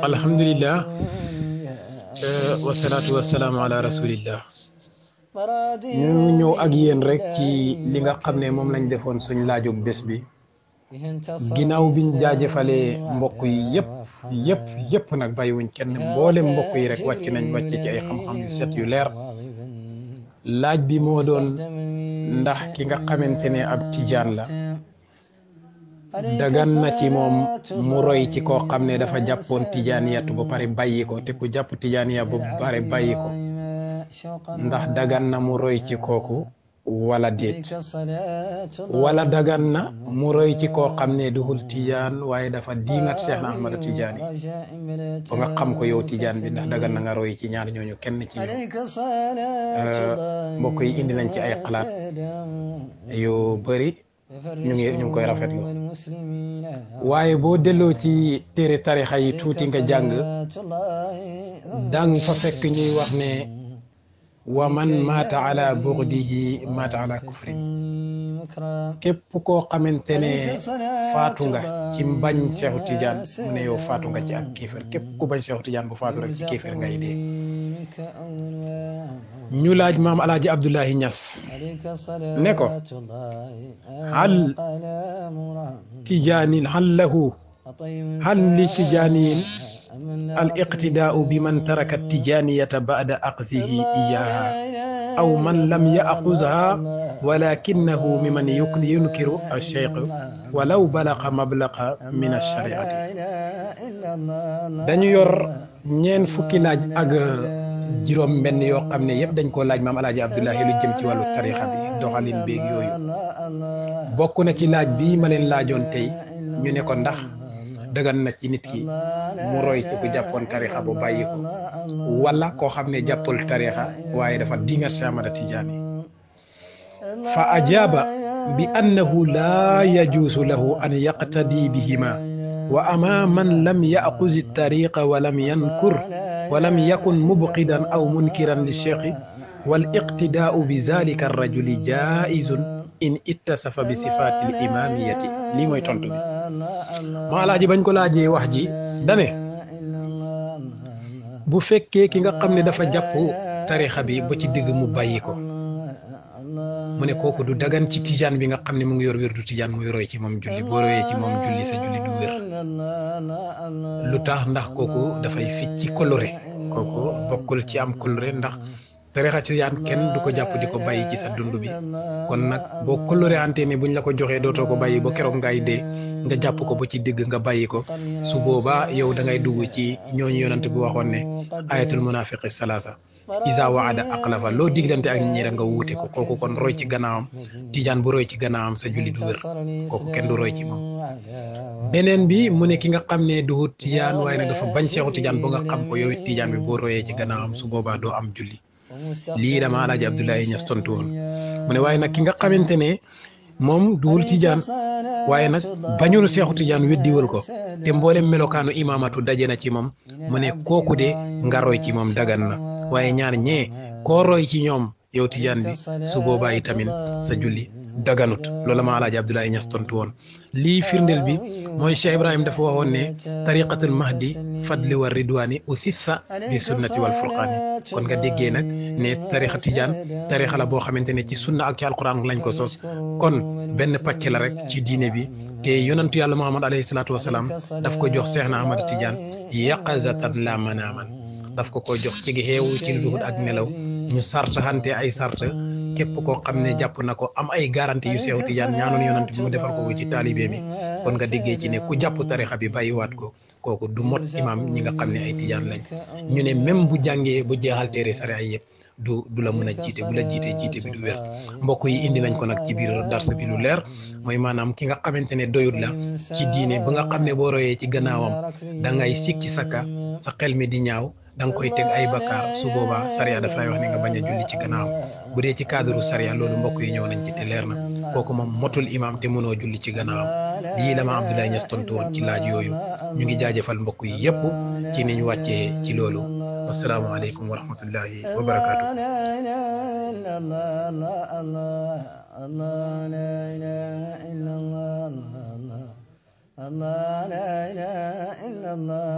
alhamdulilah eh, wasalaatu wasalaamu ala rasulillah ñu ñëw ak yéen rek ci li nga xam ne moom lañ defoon suñ laajub bés bi ginnaaw biñ jaajëfalee mbokk yi yëpp yëpp yëpp nag bàyyiwuñ kenn mboolem mbokk yi rek wàcc nañ wàcc ci ay xam-xam yu set yu leer laaj bi moo doon ndax ki nga xamante ne ab tijaan la dagan na ci moom mu roy ci koo xam ne dafa jàppoon tijaaniyatu ba pare bàyyi ko te ku jàpp tijaaniya ba pare bàyyi ko ndax dagan na mu roy ci kooku wala déet wala dagan na mu ci koo xam ne duhul tijaan waaye dafa diingat Cheikh na Ahmada Tijaani ba nga xam ko yow tijaan bi ndax daganna na nga roy ci ñaar ñooñu kenn ci ñoom mbokk yi indi nañ ci ay xalaat yu bëri ñu ngi ñu ngi koy rafetlu waaye boo delloo ci téere tarixa yi tuuti nga jàng dang fa fekk ñuy wax ne wa man maata ala bughdihi maata ala kufrin képp koo xamante ne faatu nga ci mbañ Seexu Tijaan mu ne yow faatu nga ci ak kéefër képp ku bañ Seexu Tijaan bu faatu rek ci kéefër ngay dee ñu laaj maam alaaji abdullahi ñas ne ko hal tijaanin hal lahu hal li tijaaniyin al iqtidaau bi man taraka tijaaniyata baada aqzihi iyaha aw man lam yaquzha walakinahu miman yunkiru alcheikh walaw balaqa mablaqa min alchariati dañu yor ñeen fukki laaj ak juróom mbenn yoo xam ne yëpp dañ koo laaj maam alaaji abdullahi lu jëm ci wàllu tarixa bi doxalin beeg yooyu bokk na ci laaj bi ma leen laajoon tey ñu nekkoon ndax dagan na ci nit ki mu roy ci ku jàppoon tarixa bu bàyyi ko wala koo xam ne jàppul tarixa waaye dafa dingat Amada Tijaani fa ajaaba bi annahu laa yajuusu lahu an yaqtadi bihima wa ama man lam yaxuzi tariqa wa lam yankur walam yakun mubqidan aw munkiran li cheikhi wal iqtidaau bi zalika arrajuli jaizun in ittasafa bi sifaati l imamiyati lii mooy tontu bi maa bañ ko laajee wax ji dane bu fekkee ki nga xam ni dafa jàpp tarixa bi ba ci digg mu bàyyi mu ne kooku du dagan ci tijaan bi nga xam ne mu ngi yor wér du tijaan mu roy ci moom julli boo royee ci moom julli sa julli du wér lu tax ndax kooku dafay fit ci coloré kooku bokkul ci am coloré ndax ci tijaan kenn du ko jàpp di ko bàyyi ci sa dund bi kon nag boo coloré ante ne buñ la ko joxee dootoo ko bàyyi ba keroog ngay dee nga jàpp ko ba ci digg nga bàyyi ko su boobaa yow da ngay dugg ci ñooñu yonante bi waxoon ne ayatul munafiqi salaasa isa waada aqlafa loo diggante ak ñi nga wuute ko kooku kon roy ci gannaawam tijaan bu roy ci gannaawam sa julli du wér ko kenn du roy ci moom beneen bi mu ne ki nga xam ne du tijaan waaye nag dafa bañ seexu tijaan ba nga xam ko yow tijaan bi boo royee ci gannaawam su boobaa doo am julli lii dama alaaji woon mu ne waaye nag ki nga xamante ne moom duwul tijaan waaye nag bañul seexu tijaan weddiwul ko te mboolem melokaanu imaamatu daje na ci moom mu ne kooku de nga roy ci moom dagan na waaye ñaar ñee koo roy ci ñoom yow tijaan bi su boobaa yi tamit sa julli daganut loola ma alaaji Abdoulaye Niass tontu woon lii firndeel bi mooy Cheikh Ibrahim dafa waxoon ne di mahdi li wa ridwaani usissa bi sunnati wal furqaani kon nga déggee nag ne tariqa tijaan tariqa la boo xamante ne ci sunna ak ci alquran lañ ko sos kon benn pàcc la rek ci diine bi te yonantu yàlla Muhammad alayhi salaatu wasalaam daf ko jox Seexna Ahmad Tijaan yaqazatan la manaaman daf ko ko jox ci gi xeewu ci zuhud ak nelaw ñu sart xante ay sart képp koo xam ne jàpp na ko am ay garanti yu seew tijaan ñaanoon yonant bi mu defal ko ci taalibe mi kon nga déggee ci ne ku jàpp tarixa bi bàyyiwaat ko kooku du mot imam ñi nga xam ne ay tijaan lañ ñu ne même bu jàngee bu jeexal téere sare ay yëpp du du la mën a jiite bu la jiite jiite bi du wér mbokk yi indi nañ ko nag ci biir dars bi lu leer mooy maanaam ki nga xamante ne doyut la ci diine ba nga xam ne boo royee ci gannaawam da ngay sikki sakka sa xel mi di ñaaw da nga koy teg ay bakkaar su boobaa sariya daf lay wax ne nga bañ julli ci gannaaw bu dee ci cadre sariya loolu mbokk yi ñëw nañ ci te leer na kooku motul imaam te mënoo julli ci gannaawam lii la ma Abdoulaye tontu woon ci laaj yooyu ñu ngi jaajëfal mbokk yi yépp ci niñ wàccee ci loolu asalaamaaleykum wa rahmatullahi wa barakaatu.